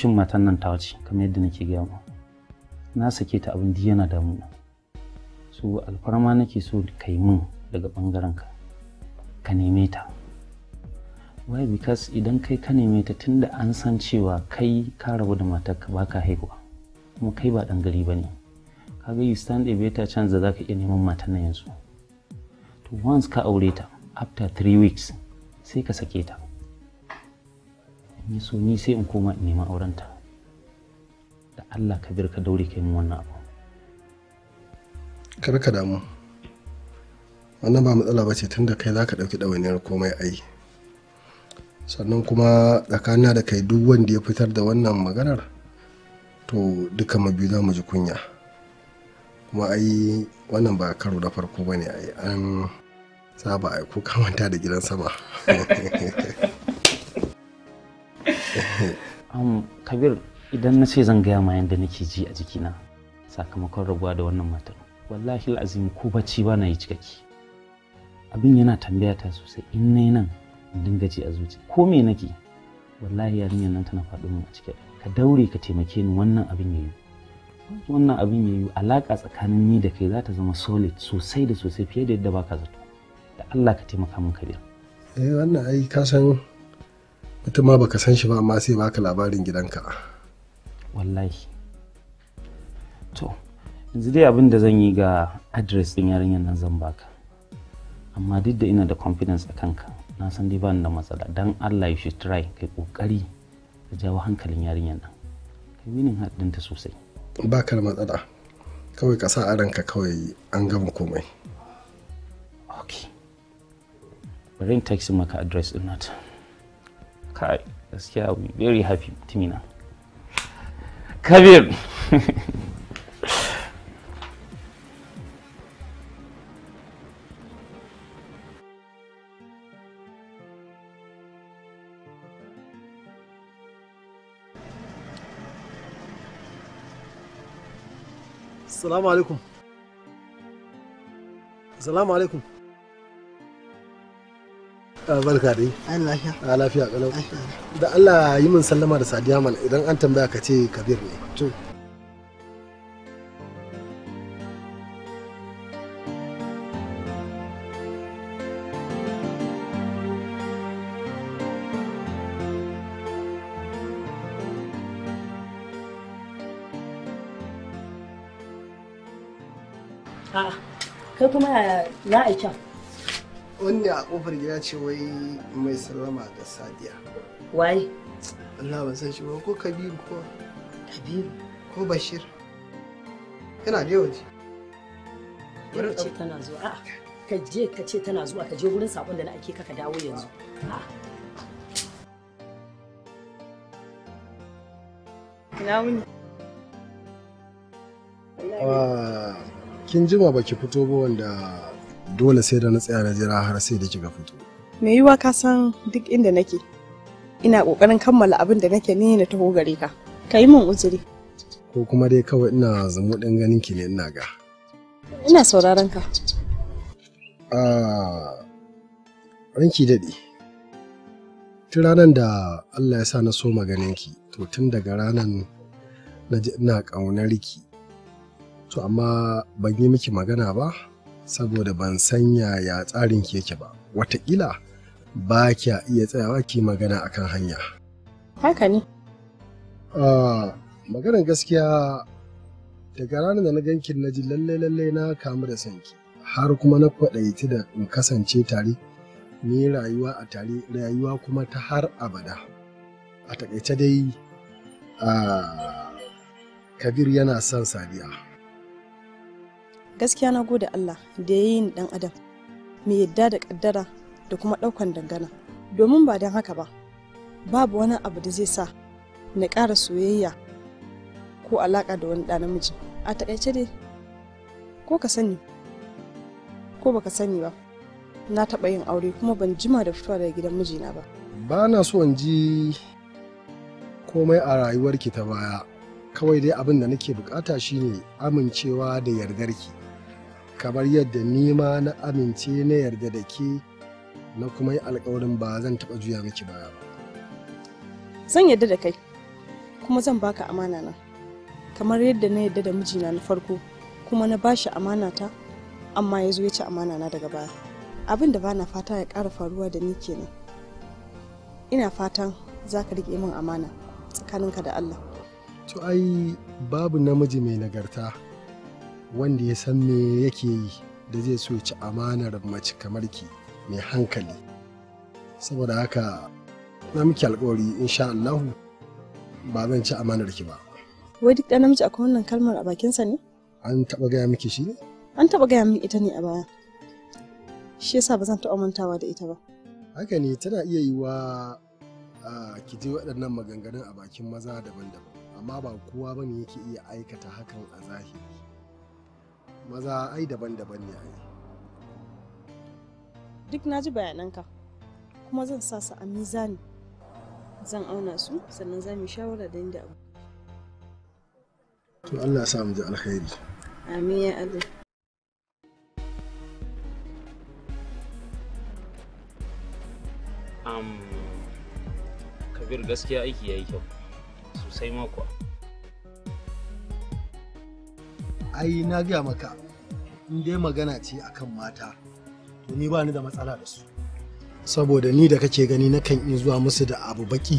cin matan nan ta wace kamar yadda nake gaya mu na sake ta abin da yana damuna so alfarma nake so kai mun daga bangaren ka ka neme ta why because idan kai ka neme ta tunda an san cewa kai ka rabu da matar ka baka haihuwa kuma kai ba dan gari bane kaga you stand a better chance da zaka iya neman matan nan yanzu to once ka aure ta after three weeks sai ka sake ta ni so ni sai in koma in nema aurenta da Allah ka birka daure kai mu wannan abu kar ka damu wannan ba matsala ba ce tunda kai zaka dauki ɗauki ɗawainiyar komai ai sannan kuma tsakanina da kai duk wanda ya fitar da wannan maganar to duka mabi za mu ji kunya kuma ai wannan ba karo na farko ba ne ai an saba ai ko kamanta da gidan sama kabir idan na ce zan gaya ma yadda nake ji a jikina sakamakon rabuwa da wannan matar wallahi azim ko bacci ba na yi cikakke abin yana tambaya ta sosai in na nan in dinga ji a zuci ko me nake wallahi yarinyar nan tana faɗo min a cikin ka daure ka taimake ni wannan abin ya yi wannan abin ya yi alaƙa tsakanin ni da kai za ta zama solid sosai da sosai fiye da yadda baka zato da Allah ka taimaka min kabir eh wannan ai ka san mutum ma baka san shi ba amma sai baka labarin gidanka wallahi to yanzu dai abin da zan yi ga adres din yarinyar nan zan baka amma duk da ina da confidence a kanka na san dai bani da matsala dan Allah ya shi try kai kokari ka jawo hankalin yarinyar nan kai winin haɗinta sosai baka da matsala kawai ka sa aran ka kawai an gama komai ok bari in text maka adres din nata kai gaskiya we very happy timina kabir السلام عليكم السلام عليكم Ah, barka dai an lafiya a ah, lafiya kalau da Allah yi min sallama da Sadiya mana idan an tambaya ka ce Kabir ne to A'a, ah, kai kuma na a wanda a kofar gida ce wai mai sallama da sadiya wai Allah ba san shi ba ko kabiru ko kabiru ko bashir yana da yawanci wurin ce tana zuwa ka je ka ce tana zuwa ka je wurin sakon da na ake ka dawo yanzu kin jima baki fito ba wanda dole sai da na tsaya na jira har sai da kika fito me yiwa ka san duk inda nake ina kokarin kammala abin da nake ni na taho gare ka Kai yi min uzuri ko kuma dai kawai ina zumuɗin ganin ki ne ina ga ina sauraron ka ah ranki daɗi tun ranar da Allah ya sa na so maganin ki to tun daga ranar na ji ina ƙaunar ki to amma ban yi miki magana ba saboda ban san yaya tsarin ki yake ba watakila ba kya iya tsayawa ki magana akan hanya haka ne uh, maganar gaskiya daga ranar da na ganki na ji lalle lalle na kamu da sanki har kuma na kwaɗayi da in kasance tare ni rayuwa a tare rayuwa kuma ta har abada a takaice dai uh, kabir yana son sadiya gaskiya na gode Allah da ya yi ni dan adam mai yadda da kaddara da kuma daukan dangana domin ba don haka ba babu wani abu da zai sa na ƙara soyayya ko alaƙa da wani ɗa namiji a taƙaice dai ko ka sani ko ka sani ba na taɓa yin aure kuma ban jima da fitowa daga gidan mijina ba ba na so in ji komai a rayuwarki ta baya kawai dai abin da nake bukata shine amincewa da yardarki kamar yadda ni ma na amince na yarda da ke na kuma yi alkawarin ba zan taɓa juya miki baya ba. Zan yarda da kai kuma zan baka amana na kamar yadda na yarda da mijina na farko kuma na bashi amana ta amma ya zo ya ci amana na daga baya abin da ba na fata ya kara faruwa da ni kenan ina fatan za ka riƙe min amana tsakaninka da Allah. To ai babu namiji mai nagarta wanda ya san me yake yi da zai so ci amanar mace kamar ki mai hankali saboda haka na miki alkawari insha Allahu ba zan ci amanar ki ba wai duk ɗan namiji akwai wannan kalmar a bakinsa ne an taɓa gaya miki shi ne an taɓa gaya min ita ne a baya shi yasa ba zan taɓa mantawa da ita ba haka ne tana iya yi wa ki ji waɗannan maganganun a bakin maza daban-daban amma ba kowa bane yake iya aikata hakan a zahiri maza ai daban-daban ne ai duk na ji bayanan ka kuma zan sa su a mizani zan auna su sannan za mu shawara da inda abu to Allah sa mu ji alkhairi amin ya Allah um, kabir gaskiya aiki ya yi kyau sosai makwa ai na gaya maka in dai magana ce akan mata to ni ba ni da matsala da su saboda ni da kake gani na kan in zuwa musu da abu baki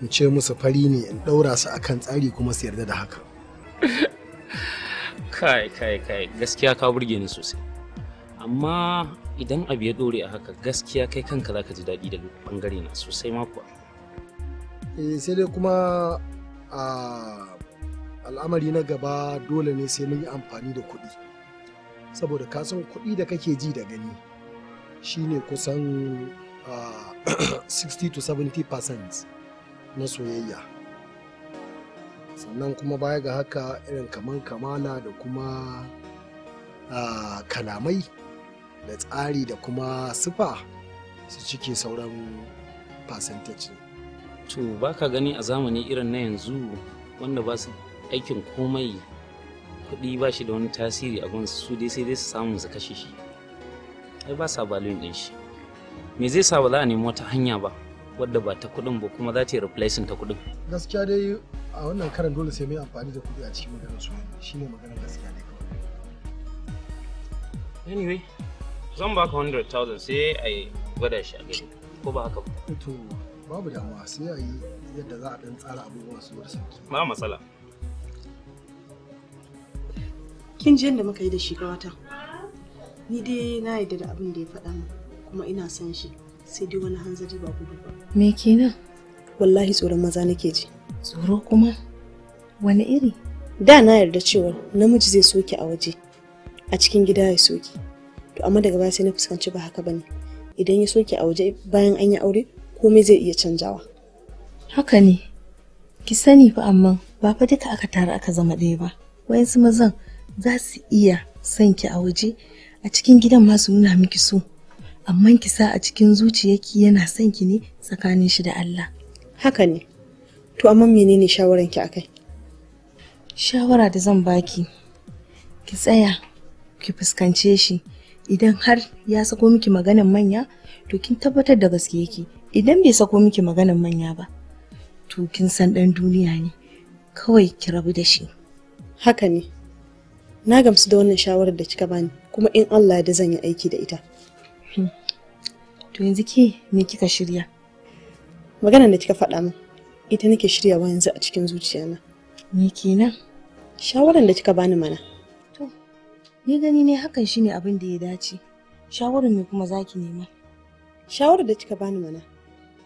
in ce musu fari ne in ɗaura su akan tsari kuma su yarda da haka kai kai kai gaskiya ka burge ni sosai amma idan abu ya dore a haka gaskiya kai kanka zaka ji daɗi da bangare na sosai ma eh sai dai kuma a ah, al'amari na gaba dole ne sai mun yi amfani da kuɗi saboda kasan kuɗi da kake ji da gani shine kusan 60 70 na soyayya sannan kuma baya ga haka irin kaman kamala da kuma kalamai da tsari da kuma sufa su cike sauran percentage to ba ka gani a zamani irin na yanzu wanda ba su aikin komai kuɗi ba shi da wani tasiri a gunsu su dai sai dai su samu su kashe shi ai ba sa ba ɗin shi me zai sa ba za a nemi wata hanya ba wadda ba ta kuɗin ba kuma za ta yi replacin ta kuɗin gaskiya dai a wannan karan dole sai mai amfani da kuɗi a cikin maganar su shine maganar gaskiya dai kawai anyway zan ka 100,000 sai a yi gwada shi a gari ko ba haka ba to babu damuwa sai a yi yadda za a ɗan tsara abubuwa su da sauki ba matsala kin ji yadda muka yi da shi ga ni dai na yarda da abin da ya faɗa min kuma ina son shi sai dai wani hanzari ba gudu ba me kenan wallahi tsoron maza nake ji tsoro kuma wani iri da na yarda cewa namiji zai soke a waje a cikin gida ya soke to amma daga baya sai na fuskanci ba haka bane idan ya soke a waje bayan an yi aure komai zai iya canjawa haka ne ki sani fa amma ba fa duka aka tare aka zama ɗaya ba wayansu mazan za su iya son ki a waje a cikin gidan ma su nuna miki so amma ki sa a cikin zuciyarki yana son ki ne tsakanin shi da Allah haka ne to amma menene shawaran ki akai shawara da zan baki ki tsaya ki fuskance shi idan har ya sako miki maganan manya to kin tabbatar da gaske yake idan bai sako miki maganan manya ba to kin san dan duniya ne kawai ki rabu da shi haka ne na gamsu da wannan shawarar da kika bani kuma in Allah da zan yi aiki da ita hmm. to yanzu ke me kika shirya maganar da kika faɗa min ita nake shiryawa yanzu a cikin zuciyana Ni kenan shawarar da kika bani mana to ni gani ne hakan shine abin da ya dace shawarar me kuma zaki nema shawarar da kika bani mana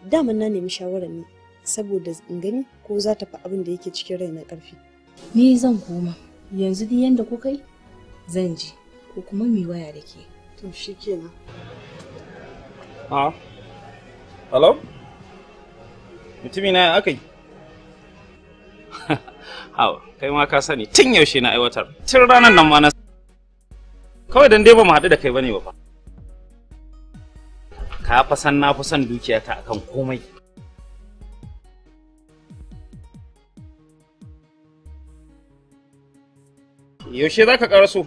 daman na nemi shawarar ne saboda in gani ko za ta fi abin da yake cikin raina na ƙarfi ni zan koma yanzu duk yanda ku kai zan ji ko kuma mi waya da ke to shikenan a hello mutumi akai hawa kai ma ka sani tun yaushe na aiwatar tun ranar nan ma na kawai dan dai ba mu haɗu da kai bane ba fa ka fa san na fi son dukiyata akan komai Yaushe za ka ƙaraso?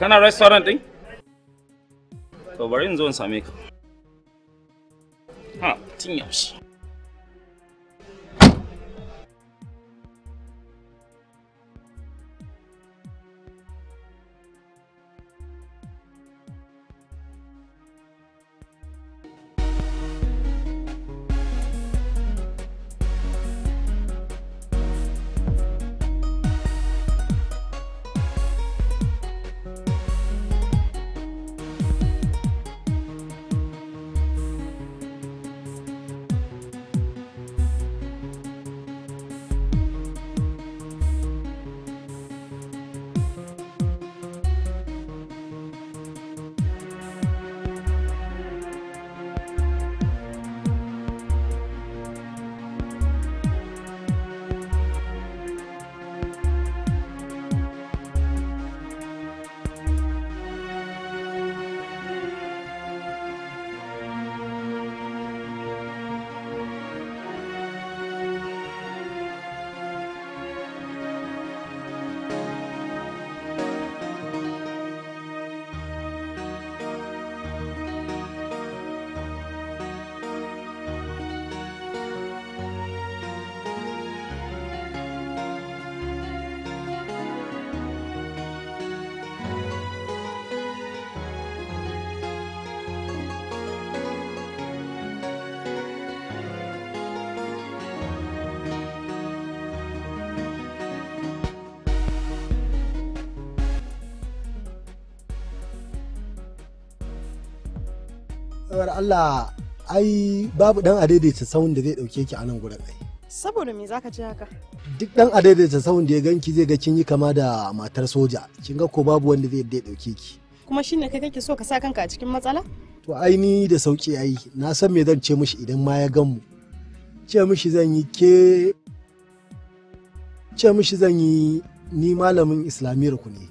Kana restaurant din? To bari in zo in same ka. Ha, tun yaushe. Tsawar Allah ai babu dan adaidaita sahun da zai dauke ki a nan gurin ai. Saboda me zaka ce haka? Duk dan adaidaita sahun da ya ganki zai ga kin yi kama da matar soja. Kin ga ko babu wanda zai yadda ya dauke ki. Kuma shine kai kake so ka sa kanka a cikin matsala? To ai ni da sauki ai na san me zan ce mishi idan ma ya gan mu. Ce mishi zan yi ke ce mishi zan yi ni malamin islamiyar ku ne.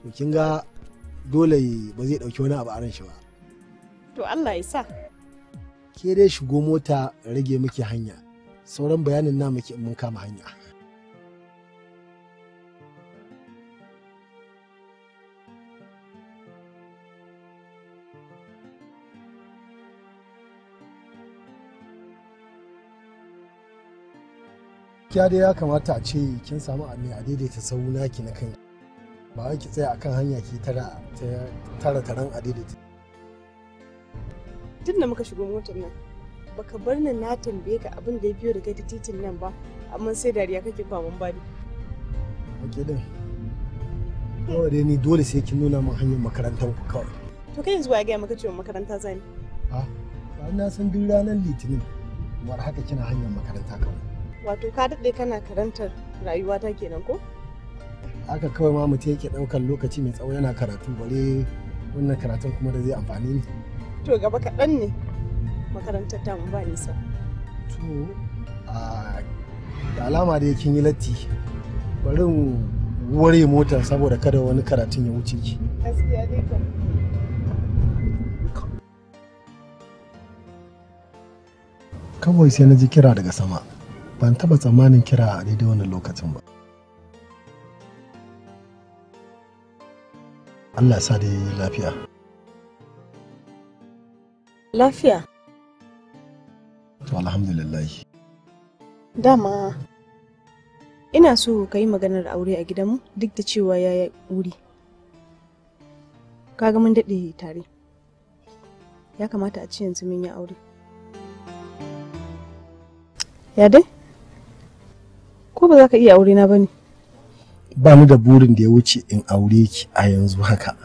To kin ga dole ba zai dauki wani abu a ran shi ba. To Allah ya sa. Ke dai shigo mota rage miki hanya. Sauran bayanin na muke mun kama hanya. gaskiya dai ya kamata a ce kin samu a a daidaita sauna ki na kai ba ki tsaya akan hanya ki tara taran a daidaita tun da muka shigo motar nan baka bar ni na tambaye ka abin da ya biyo daga titin nan ba amma sai dariya kake kwamin bani ake din kawai dai ni dole sai kin nuna min hanyar makarantar ku kawai to kai yanzu ya gaya maka cewa makaranta zani a ba na san duk ranar litinin war haka kina hanyar makaranta kawai wato ka daɗe kana karantar rayuwata kenan ko haka kawai ma mutum yake ɗaukar lokaci mai tsawo yana karatu bare wannan karatun kuma da zai amfani ni to gaba kaɗan ne makarantar ta ba nisa to a da alama da yakin yi latti bari ware mota saboda kada wani karatun ya wuce ki kawai sai na ji kira daga sama ban taba tsammanin kira a daidai wannan lokacin ba Allah sa dai lafiya Lafiya. To alhamdulillah. Dama ina so ka yi maganar aure a gidanmu duk da cewa ya yi wuri. ga mun daɗe tare. Ya kamata a ce yanzu mun yi aure. Ya dai? Ko ba za ka iya aure na ba ne? Ba ni da burin da ya wuce in aure ki a yanzu haka.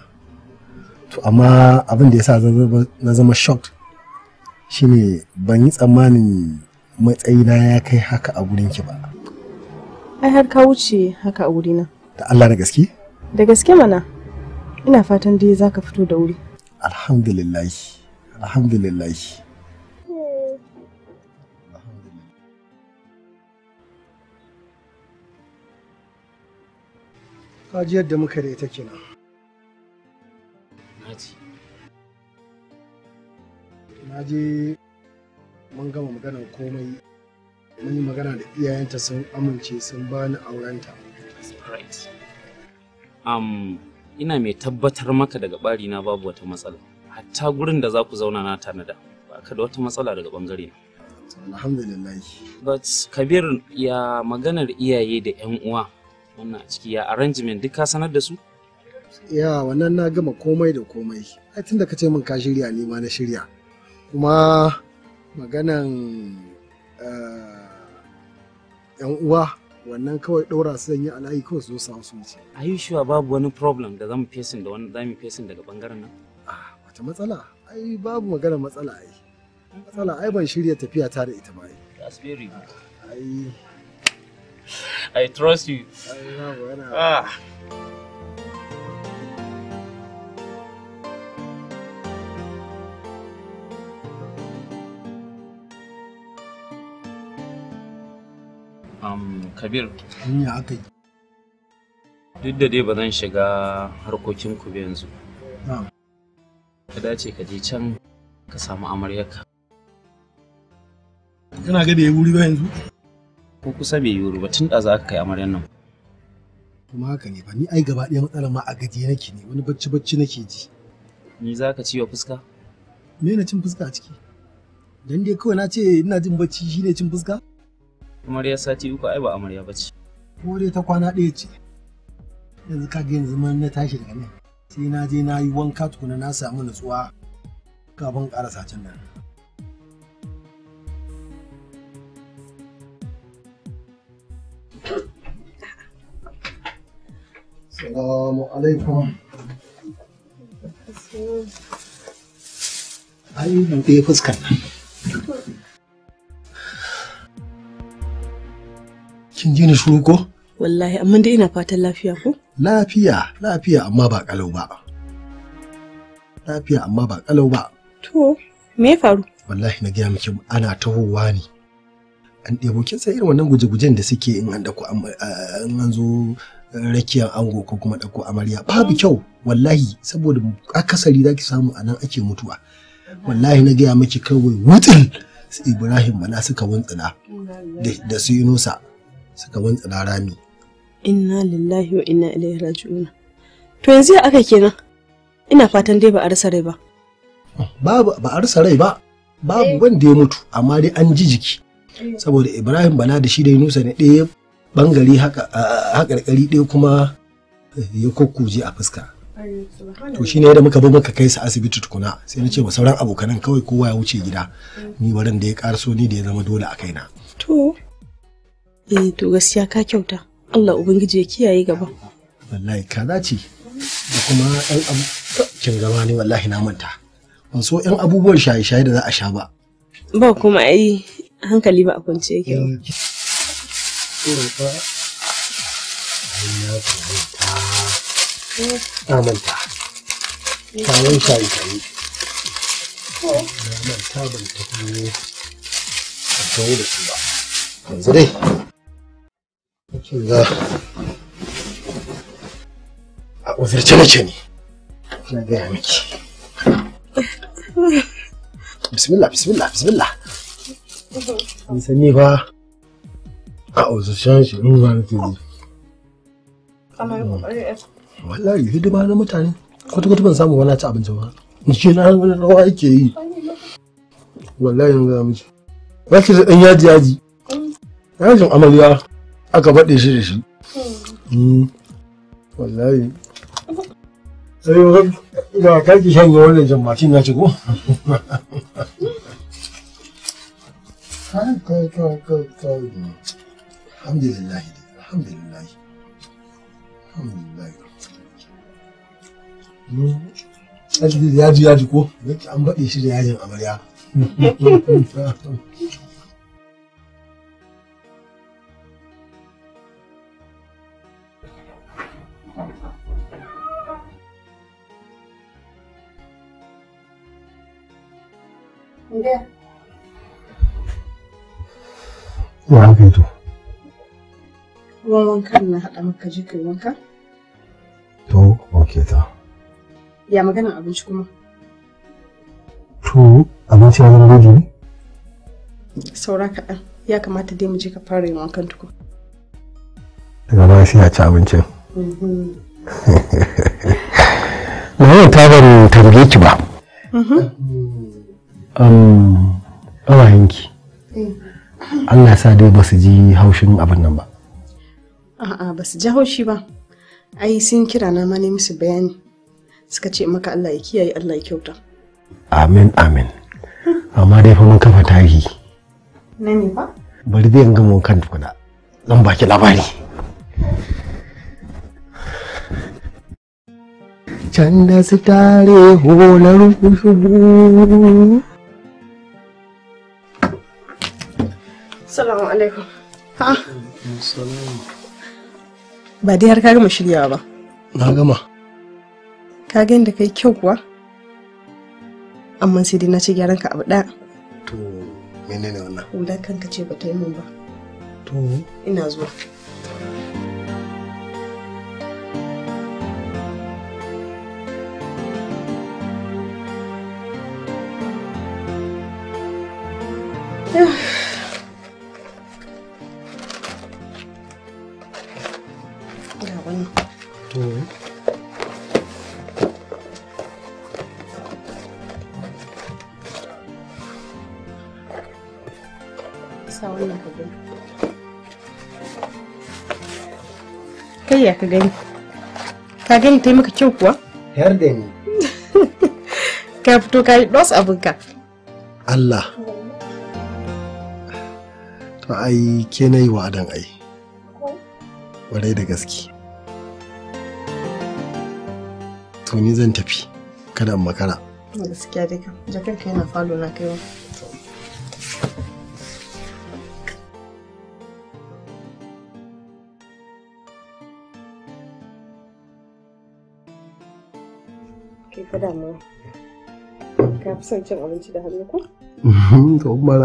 To amma abin da ya sa na zama shocked shine ban yi tsammanin matsayina ya kai haka a ki ba ai har ka wuce haka a wurina da Allah da gaske da gaske mana ina fatan dai zaka fito da wuri alhamdulillah alhamdulillah kajiyar da muka da ita kenan. Naji. na je mun gama magana komai mun yi magana da iyayenta sun amince sun bani aurenta um, ina mai tabbatar maka daga bari na babu wata matsala hatta gurin da za ku zauna na tanada ba ka da wata matsala daga bangare na alhamdulillah but kabir ya maganar iyaye da yan uwa wannan a ciki ya arrangement duk ka sanar da su ya wannan na gama komai da komai ai da ka ce min ka shirya ni ma na shirya kuma maganan eh, yan uwa wannan kawai ɗora su yi alayi kawai su samu sun ce. Are you sure babu wani problem da zamu fesin da wani zamu fesin daga bangaren nan? Ah, wata matsala. Ai babu maganar matsala ai. Matsala ai ban shirya tafiya ta da ita ba ai. That's very good. Ai I trust you. Ai na magana. Ah. kabir ya aka yi duk da dai ba zan shiga harkokin ku ba yanzu ka dace ka je can ka samu amaryarka kana ga bai wuri ba yanzu ko kusa bai yi ba tun da za ka kai amaryar nan kuma haka ne ba ni ai gaba ɗaya matsalar ma a gaji nake ne wani bacci bacci nake ji ni za ka ciwa fuska me na cin fuska a ciki dan dai kawai na ce ina jin bacci shine cin fuska amarya sati uku ai ba amarya ba ce ko dai ta kwana ɗaya ce yanzu ka ga yanzu na tashi daga nan sai na je na yi wanka tukuna na samu nutsuwa kafin ƙara satin nan Salamu alaikum. Ai, buɗe fuskar nan. ji ni shuru ko? Wallahi, amma dai ina fatan lafiya ko? Lafiya, lafiya amma ba kalau ba. Lafiya amma ba kalau ba. To, me ya faru? Wallahi na gaya miki ana tahowa ne. An ɗebo kin san irin wannan guje-gujen da suke in an dako eh, in an zo rakiyar ango ko kuma dako amarya babu kyau wallahi saboda akasari zaki samu a nan ake mutuwa. Wallahi na gaya miki kawai wutin Ibrahim Bala suka wuntsina da su Yunusa. suka wuntsila rami inna lillahi wa inna ilaihi raji'un to yanzu ya aka kenan ina fatan dai ba a rasa rai ba ah, babu ba a rasa rai ba babu eh. wanda ya mutu amma dai an ji jiki eh. saboda ibrahim bala da shi da yunusa ne ɗaya bangare haka haƙarƙari ɗaya kuma eh, ya kokkuje a fuska to shi ne da muka bi muka kai su asibiti tukuna sai na ce wa sauran abokanan kawai kowa ya wuce gida ni barin da ya karso ni da ya zama dole a kaina to eh to gaskiya ka kyauta Allah ubangiji ya kiyaye gaba wallahi ka dace da kuma ɗan abokin gaba ne wallahi na manta ban so ɗan abubuwan shaye-shaye da za a sha ba ba kuma ai hankali ba a kwance yake ba eh, na manta kayan shaye-shaye na manta ban tafi da su ba yanzu dai kinga a uzurce nake ne na gaya miki bismillah bismillah bismillah an san ni fa a uzurcen shi in ba nake ji wallahi hidima na mutane kwata-kwata ban samu wani ci abinci ba ni na rawa yake yi wallahi yanzu za mu ci ba ki da ɗan yaji yajin amarya aka faɗe shi da shi hmm. wallahi sai ga kaki shanye wani jammacin na shigo kai kai kai kai alhamdulillah alhamdulillah alhamdulillah hmm. ko an baɗe shi da yajin amarya Ya haka to. Ruwan wankan na haɗa maka je kai wanka? To, ok ta. Ya maganin abinci kuma? To, abinci ya zama daji ne? Saura kaɗan, ya kamata dai mu je ka fara yin wankan tukun. Daga baya sai a ci abincin. Na mhm. yau ta ban tambaye ki ba. Mhm. Ƙawayenki. Eh. Allah ya sa dai ba su ji haushin abin nan ba a'a ba su ji haushi ba ai sun kira na ma ne musu bayani suka ce maka Allah ya kiyaye Allah ya kyauta amin amin amma dai fa mun kafa tarihi na ne ba bari dai ga mun kan tukuna zan baki labari can da su tare holar shubu Assalamu alaikum. Ha? Ba dai har ka gama shiryawa ba. Na gama. Ka ga inda kai kyau kuwa? Amma sai dai na ce gyaran ka abu ɗaya. To menene wannan? Hular kanka ce ba ta yi min ba. To. Ina zuwa. kai ya ka gani ka gani ta yi maka kyau kuwa yar da ni ka fito ka yi dos abinka Allah to ai ke na yi wa'adan ai ƙwarai da gaske to ni zan tafi kada in makara gaskiya dai kan jakarka yana falo na kaiwa Ka fi son cin abinci da hannu ko?